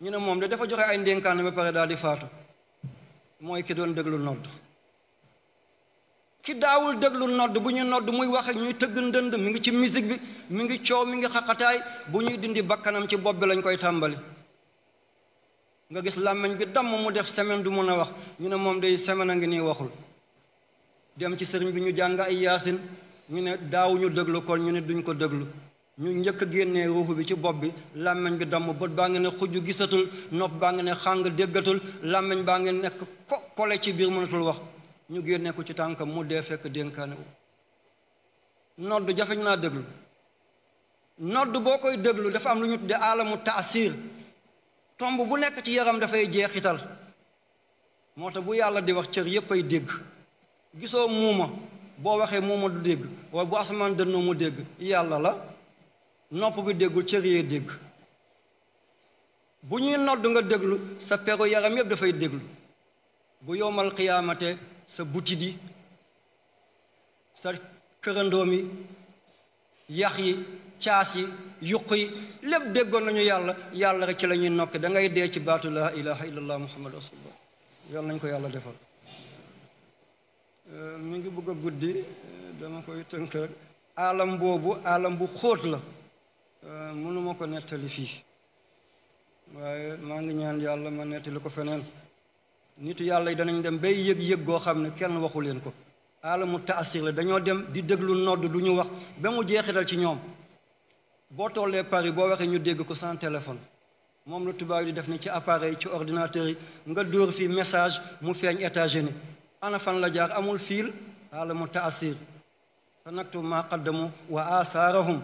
ñu ne moom de dafa joxe ay ndénkaane pare daal di faatu mooy ki doon déglu nodd ki daawul déglu nodd bu ñu nodd muy wax ñuy tëgg ndënd mi ngi ci musique bi mi ngi coow mi ngi xaqataay bu ñuy dindi bakkanam ci bopp bi lañ koy tàmbali nga gis làmmiñ bi damm mu def semaine du mën a wax ñu ne moom day semaine a ngi nii waxul dem ci sëriñ bi ñu jàng ay yaasin ñu ne daawuñu ñu déglu kon ñu ne duñ ko déglu ñu njëkk a génnee ruuxu bi ci bopp bi làmmiñ bi domm bët baa ngi ne xujj gisatul nopp baa ngi ne xàng déggatul làmmiñ baa ngi nekk ko kole ci biir mënatul wax ñu génne ko ci tànkam mu dee fekk dénkaane nodd jafeñ naa déglu nodd boo koy déglu dafa am lu ñu tuddee aalamu taasir tomb bu nekk ci yaram dafay jeexital moo tax bu yàlla di wax cër yépp ay dégg gisoo muuma boo waxee muuma du dégg waaye bu asamaan dënnoo mu dégg yàlla la nopp bi déggul cër yee dégg bu ñuy nodd nga déglu sa peru yaram yépp dafay déglu bu yowmal xiyaamate sa butidi sa kërandoom yi yax yi caas yi yuq lépp déggoon nañu yàlla yàlla rek ci la ñuy nokk da ngay dee ci baatu laa ilaha illallah muhammadu rasulullah yàlla nañ ko yàlla defal euh, mi ngi bëgg a guddi euh, dama koy tënk rek alam boobu alam bu xóot la euh, mënuma ko nettali fii waaye maa ngi ñaan yàlla ma nettali ko feneen nit yàlla yi danañ dem bay yëg-yëg goo xam ne kenn waxu leen ko alamu taasir la dañoo dem di déglu nodd du ñu wax ba mu jeexital ci ñoom boo tollee Paris boo waxee ñu dégg ko sans téléphone moom la tubaab yi di def ni ci appareil ci ordinateur yi nga dóor fii message mu feeñ États-Unis fan la jaar amul fiil xaala mu taasir sa naktu ma qaddamu wa asaarahum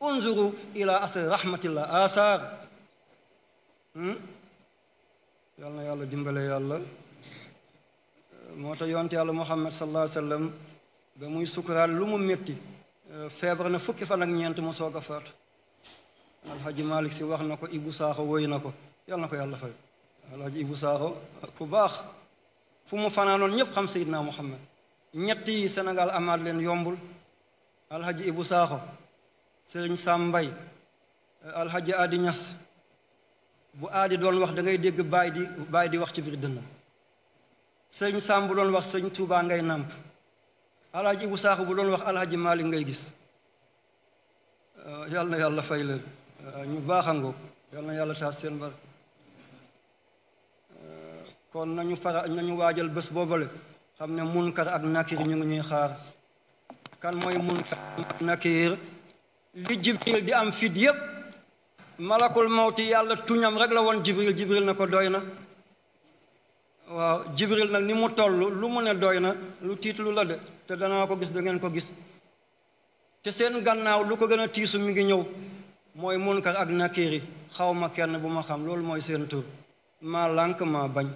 unzuru ila asri rahmatillah asaar hmm? yàlla na yàlla dimbale yàlla moo tax yonte yàlla muhammad sallallahu alayhi wa sallam ba muy sukuraat lu mu métti feebar na fukki fan ak ñeent mu soog a faatu alxaji si wax na ko Ibou Sakho woy na ko yàlla koy ko yàlla fay alxaji Ibou Sakho ku baax fu mu fanaanoon ñépp xam Seydina Muhammad ñetti senegal amaat leen yombul alxaji Ibou Sakho saam mbay alxaji Adi Niass bu aadi doon wax dangay ngay dégg baay di baay di wax ci biir dënnam sëriñ Samb doon wax sëriñ Touba ngay nàmp alaaji bu saaxu bu doon wax alaaji Maalik ngay gis yal yàlla fay leen ñu baaxangoo yal yàlla taas seen barke kon nañu fara nañu waajal bés boobale xam ne munkar ak nakir ñu ngi ñuy xaar kan mooy munkar nakir li jibril di am fit yépp malakul mawti yàlla tuñam rek la woon jibril jibril na ko doy na waaw jibril nag ni mu toll lu mu ne doy na lu tiit la de te danaa ko gis da ngeen ko gis te seen gannaaw lu ko gën a tiisu mi ngi ñëw mooy munkar ak nakiiri xawma kenn bu ma xam loolu mooy seen tur maa lànk maa bañ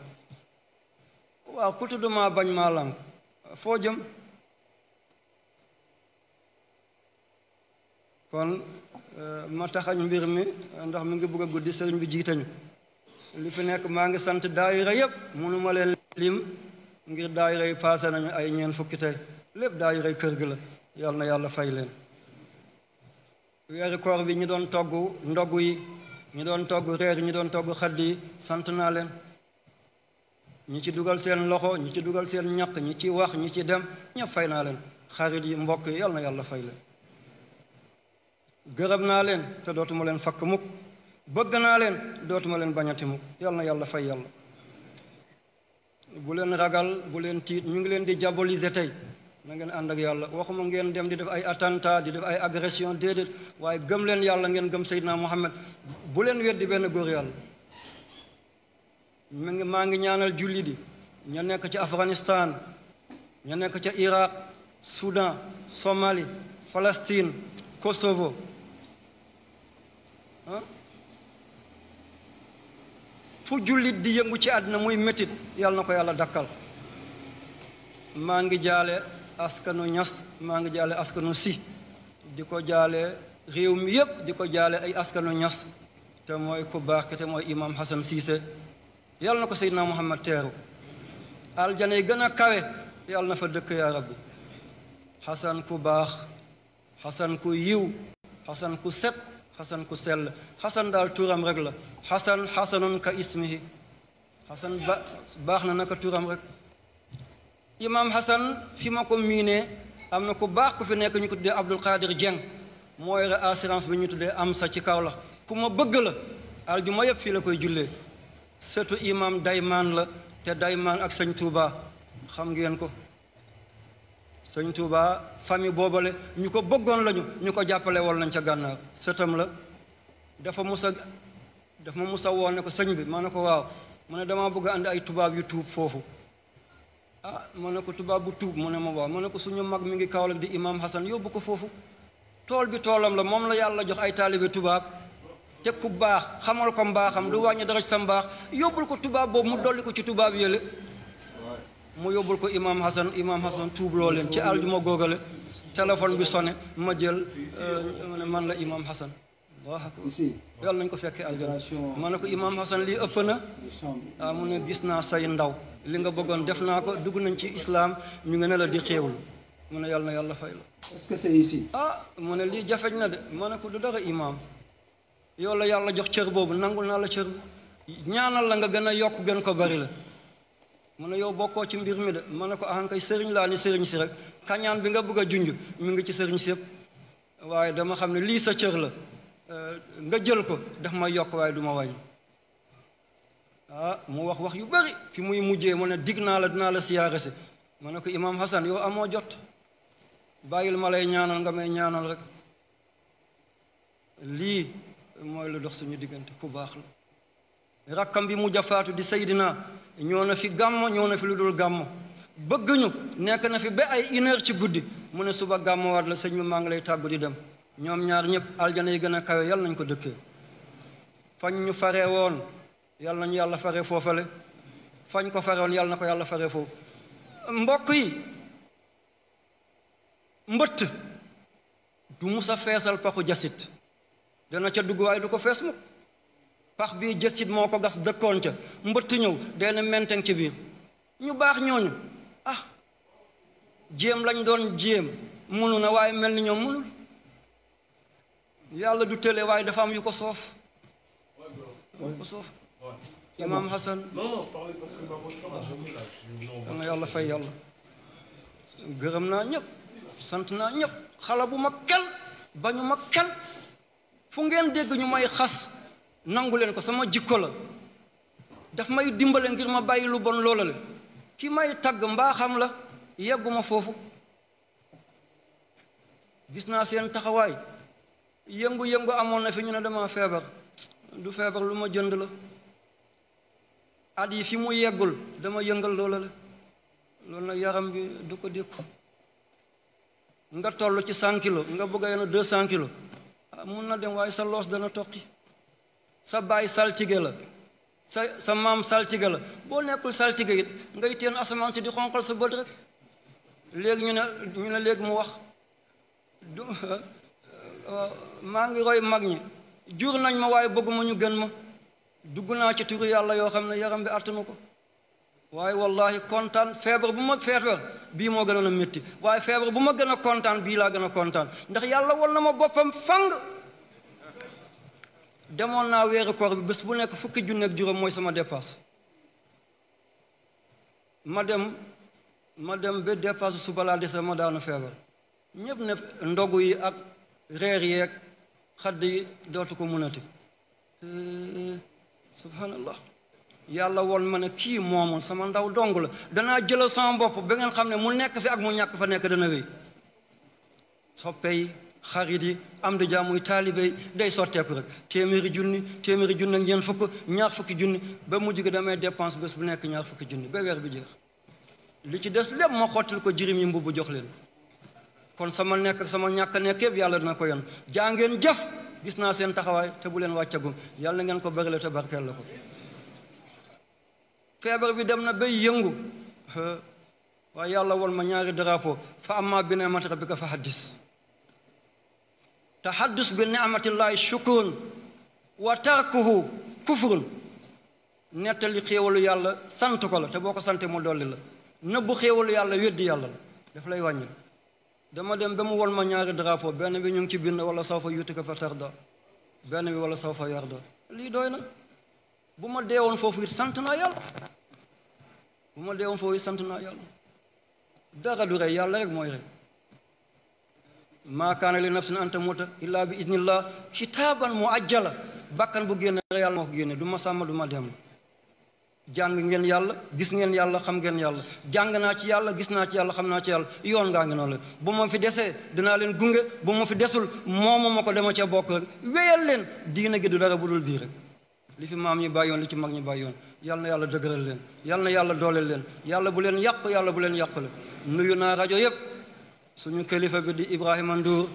waaw ku tudd maa bañ maa lànk foo jëm kon eh, ma taxañ mbir mi ndax mi ngi bugg a guddi sëriñ bi jiitañu li fi nekk maa ngi sant daayira yépp mënuma leen lim ngir daayira yi paase nañu ay ñeent fukki lépp daayiray kër gi la yal na yàlla fay leen weeri koor bi ñu doon togg ndogu yi ñu doon togg reer ñu doon togg xadd yi sant naa leen ñi ci dugal seen loxo ñi ci dugal seen ñaq ñi ci wax ñi ci dem ñëpp fay naa leen xarit yi mbokk yi yal na yàlla fay leen gërëm naa leen te dootuma leen fakk mukk bëgg naa leen dootuma leen bañati mukk yal na yàlla fay yàlla bu leen ragal bu leen tiit ñu ngi leen di diaboliser tey na ngeen ànd ak yàlla waxuma ngeen dem di def ay attentat di def ay agression déedéet waaye gëm leen yàlla ngeen gëm Seydina Muhammad bu leen weddi benn góor yàlla maa ngi ñaanal julli di ña nekk ci Afghanistan ña nekk ca Iraq Soudan somali Palestine Kosovo ah fu jullit di yëngu ci àddina muy métit yàlla na ko yàlla dakkal maa ngi jaale askanu ñas maa ngi jaale askanu si di ko jaale réew mi yépp di ko jaale ay askanu ñas te mooy ku baax te mooy imam Hassan Cissé yàlla na ko seydina Muhammad teeru aljana yi gën a kawe na fa dëkk yaa rabbi Hassan ku baax Hassan ku yiw Hassan ku set Hassan ku sell Hassan daal turam rek la Hassan Hassanun ka ismihi Hassan baax na naka turam rek imam Hassan fi ma ko miinee am na ku baax ku fi nekk ñu ko tuddee Abdul Qadir Dieng mooy yore assurance bi ñu tuddee AMSA ci kaw la ku ma bëgg la aljuma yëpp fii la koy jullee setu imam daymaan la te daymaan ak sëñ Touba xam ngeen ko sëñ Touba famille boobale ñu ko bëggoon lañu ñu ko jàppale wal nañ ca gànnaar setam la dafa musa dafa ma musa woon ne ko sëñ bi ma ne ko waaw mu ne dama bëgg ànd ay tubaab yu tuub foofu ah ma ne ko tubaab bu tuub mu ne ma waaw ma ne ko suñu mag mi ngi Kaolack di imaam Hassan yóbbu ko foofu tool bi toolam la moom la yàlla jox ay taalibe tubaab te ku baax xamal ko mbaaxam du wàññi dara ci sa mbaax yóbbul ko tubaab boobu mu dolli ko ci tubaab yële mu yóbbul ko imaam Hassan imaam Hassan tuubloo leen ci aljuma googale téléphone bi sone ma jël euh, man la imaam Hassan waaw yàlla nañ ko fekkee aljuma ma na ko imaam Hassan lii ëpp na ah mu ne gis naa say ndaw li nga bëggoon def naa ko dugg nañ ci islaam ñu nga ne la di xéewlu mu ne yàlla yàlla fay la. est ah mu ne lii jafeñ na de ma ne ko du dara imaam yow la yàlla jox cër boobu nangul naa la cër bi ñaanal la nga gën a yokk gën ko bari la. mu ne yow bokkoo ci mbir mi de ma ne ko ah kay sëriñ laa ni sëriñ si rek kañaan bi nga bëgg a junj mu ngi ci sëriñ si yëpp waaye dama xam ne lii sa cër la euh, nga jël ko daf ma yokk waaye du ma wàññi. ah mu wax wax yu bari fi muy mujje mu ne dig naa la dinaa la siyaare si ma ne ko imaam Hassan yow amoo jot bàyyil ma lay ñaanal nga may ñaanal rek lii mooy lu dox suñu diggante ku baax la rakkam bi mujj a faatu di Seydina ñoo na fi gàmmo ñoo na fi lu dul gàmm bëgg ñu nekk na fi ba ay une heure ci guddi mu ne suba gàmmowaat la sëñ bi maa ngi lay tàggu di dem ñoom ñaar ñëpp aljana yi gën a kawe yal nañ ko dëkkee fañ ñu faree woon yal nañu yàlla fare foofale fañ ko faroon yal na ko yàlla fare foofu mbokk yi mbëtt du musa feesal paxu jasit dana ca dugg waaye du ko fees mukk pax bii jasit moo ko gas dëkkoon ca mbëtt ñëw denn menteng ci biir ñu baax ñooñu ah jéem lañ doon jéem mënu na waaye mel ni ñoom mënul yàlla du tële waaye dafa am yu ko soof yu ko soof imaam Hassan da ah, nga yàlla fay yàlla gërëm naa ñëpp sant naa ñëpp xala bu ma kenn bañu kenn fu ngeen dégg ñu may xas nangu leen ko sama jikko la daf may dimbale ngir ma bàyyi lu bon loola la ki may tagg mbaaxam la yegguma foofu gis naa seen taxawaay yëngu-yëngu amoon na fi ñu ne dama feebar du feebar lu ma jënd la at yi fi mu yeggul dama yëngal loola la loolu nag yaram bi du ko dékku nga toll ci 100 kilos nga bëgg a yenn 200 kilos ah, mun na dem waaye sa loos dana toqi sa baay saltige la sa sa maam saltige la boo nekkul saltige it ngay teen asamaan si di xonqal sa bët rek léegi ñu ne ñu ne léegi mu wax du ah, maa ngi roy mag ñi jur nañ ma waaye ma ñu gën ma dugg naa ci turu yàlla yoo xam ne yaram bi attanu ko waaye wallahi kontaan feebar bu ma feebar bii moo gën a métti waaye feebar bu ma gën a kontaan bii laa gën a kontaan ndax yàlla won na ma boppam fang demoon naa weeru koor bi bés bu nekk fukki junne ak juróom mooy sama dépasse ma dem ma dem ba dépasse suba laa dese ma daanu feebar ñépp ne ndogu yi ak reer yeek xadd dootu ko mënati subhanallah yàlla woon ma ne kii moomu sama ndaw dong la danaa jëla sama bopp ba ngeen xam ne mu nekk fi ak mu ñàkk fa nekk dana wéy soppey xarit yi am di jaamuy taalibey day sotteeku rek téeméeri junni téeméeri junni ak ñeent fukk ñaar fukki junni ba mujj gi damay dépense bés bu nekk ñaar fukki junni ba weer bi jeex li ci des lépp ma xottil ko jirim yi mbubb jox leen kon sama nekk sama ñàkk nekk yëpp yàlla dina ko yoon jaa ngeen jëf gis naa seen taxawaay te bu leen wàccagum yàlla ngeen ko bërile te barkeel la ko feebar bi dem na bay yëngu waaye yàlla won ma ñaari drapeau fa amma bi ni'mati rabbika fa haddis tahaddus bi ni'matillahi shukrun wa tarkuhu kufrun nettali xéewalu yàlla sant ko la te boo ko sante mu dolli la nëbbu xéewalu yàlla weddi yàlla la daf lay wàññi dama dem ba mu wol ma ñaari drapeau benn bi ñu ngi ci bind wala saw fa yuuti ko fa tarda benn bi wala saw fa yarda lii doy na bu ma dee woon it sant bu ma deewoon foofu it sant yàlla dara du rey yàlla rek mooy rey maa kaana li nafsin an tamuuta illaa bi iznillah kitaaban mu ajjala bakkan bu génne yàlla moo ko génne du ma sàmm du ma dem jàng ngeen yàlla gis ngeen yàlla xam ngeen yàlla jàng naa ci yàlla gis naa ci yàlla xam naa ci yàlla yoon ngaa ngi noonu la bu ma fi desee dinaa leen gunge bu ma fi desul moomu ma ko dama cee bokk rek wéyal leen diina gi du dara budul bii rek li fi maam ñi bàyyoon li ci mag ñi bàyyoon yal na yàlla dëgëral leen yal na yàlla dooleel leen yàlla bu leen yàq yàlla bu leen yàqale nuyu naa rajo yépp suñu kilifa bi di Ibrahima Ndour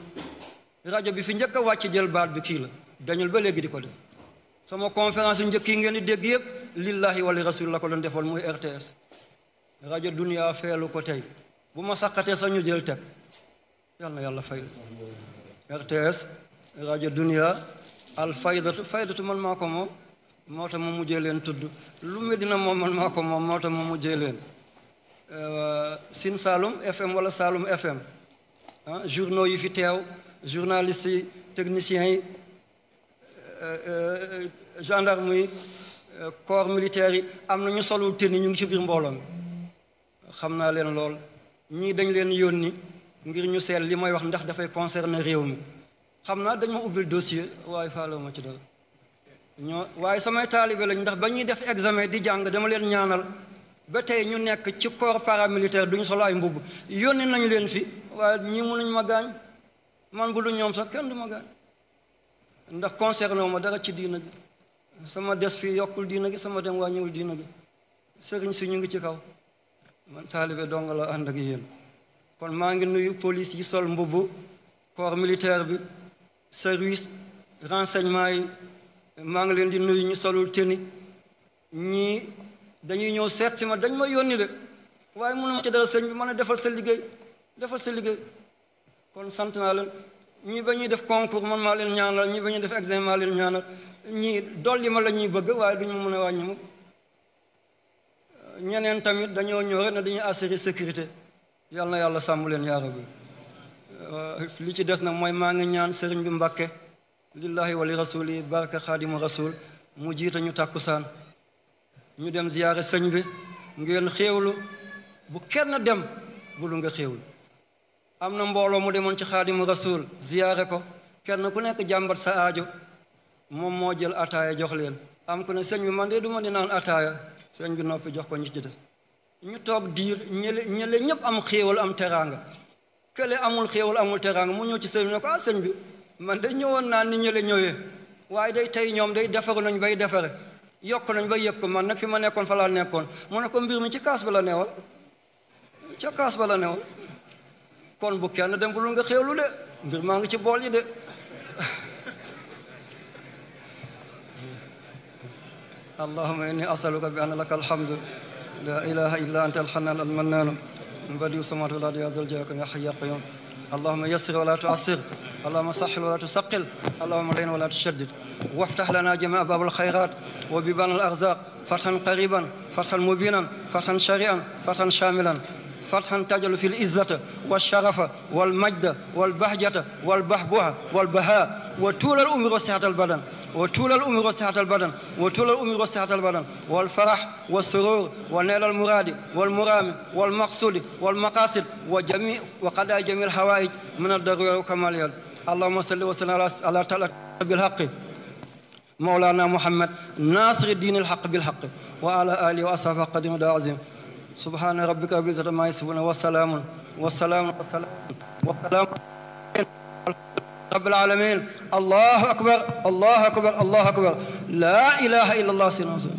rajo bi fi njëkk a wàcc jël bi kii la dañul ba léegi di ko def sama conférence yu njëkk yi ngeen di dégg yëpp lillahi wali rasul la ko doon defoon muy RTS rajo dunia feelu ko tey bu ma saqatee sax ñu jël teg yal yàlla fay RTS rajo dunia al faydatu faydatu man maa ko moom moo tax ma mujjee leen tudd lu Medina moom man maa ko moom moo tax mujjee leen euh, Sine Saalum FM wala Saalum FM ah yi fi teew journalistes yi techniciens yi Euh, euh, gendarme yi euh, corps militaire yi am na ñu solul tenue ñu ngi ci biir mbooloo mi xam naa leen lool ñii dañ leen yónni ngir ñu seet li may wax ndax dafay concerner réew mi xam naa dañ ma ubbil dossier waaye faaloo ma ci dara ñoo waaye samay taalibe lañu ndax ba ñuy def examen di jàng dama leen ñaanal ba tey ñu nekk ci corps paramilitaire duñu solo ay mbubb yónni nañ leen fi waaye ñii mënuñ ma gaañ man bu du ñoom sax kenn du ma gaañ ndax concerné wu ma dara ci diina gi sama des fi yokkul diina gi sama dem wàññiwul diina gi sëriñ si ñu ngi ci kaw man taalibe dong la ànd ak yéen kon maa ngi nuyu police yi sol mbubb corps militaire bi service renseignement yi maa ngi leen di nuyu ñu solul teni ñii dañuy ñëw seet si ma dañ ma yónni de waaye mënuma ci dara sëñ bi man a defal sa liggéey defal sa kon sant naa leen ñii ba ñuy def concours man maa leen ñaanal ñii ba ñuy def examen maa leen ñaanal ñii dolli ma la ñuy bëgg waaye duñu mën a wàññi mu ñeneen tamit dañoo ñëw rek ne dañuy assurer sécurité yal na yàlla sàmm leen yaa rabbi euh, li ci des nag mooy maa ngi ñaan sëriñ bi Mbàkke lillahi wali rasuli baraka xaadimu rasul mu jiite ñu tàkku saan ñu dem ziyaare sëñ bi ngeen xéewlu bu kenn dem bu lu nga xéewlu am na mbooloo mu demoon ci xaadimu rasuul ziyaare ko kenn ku nekk jàmbat sa aajo moom moo jël ataaya jox leen am ku ne sëñ bi man de duma naan ataaya sëñ bi noppi jox ko ñi ci ñu toog diir ñële ñële ñëpp am xéewal am teraanga kële amul xéewal amul teraanga mu ñëw ci sëñ ko ah, sëñ bi man de ñëwoon naan ni ñële ñëwee waaye day tey ñoom day defaru nañu bay defare yokk nañ bay yëpp ko man nag fi ma nekkoon fa laa nekkoon mu ne ko mbir mi ci kaas ba la neewal ca kaas ba la neewal kon bu kenn dengulul nga xéewlu de mbir maa ngi ci bool yi de allahuma inni asaluka bi anna laka alhamdu la ilaha illa anta alxanaan almannaanu badiu samaat wala di azal jaaka ya xay ya qayum allahuma yassir wala tuassir allahuma saxil wala tusaqil allahuma layn wala tushaddid waftax lana jamia baab alxayraat wa bibaan alarzaq fatxan qariban fatxan mubinan fatxan sharian fatxan shamilan fathan tajalu fi lizzata walsharafa walmajda walbahjata walbahboha walbaha wa tuulal umri wa sihata albadan wa tuulal umri wa sihata albadan wa tuulal umri wa sihata albadan walfarax walsurur wa neel almuraadi walmuraami walmaqsudi walmaqasid wa jami wa qadaa jami alhawaij min addaruri wa kamaliyal allahuma salli wa sallim ala taala bilhaqi mawlana muhammad nasiri diin alhaq bilhaq wa ala alihi wa ashabi qadima da azim subhaana rabbika rabbil izzati ammaa yasifuun wa salaamun wa salaamun wa salaamun rabbil aalamiin allahu akbar allahu akbar allahu akbar laa ilaaha illa allah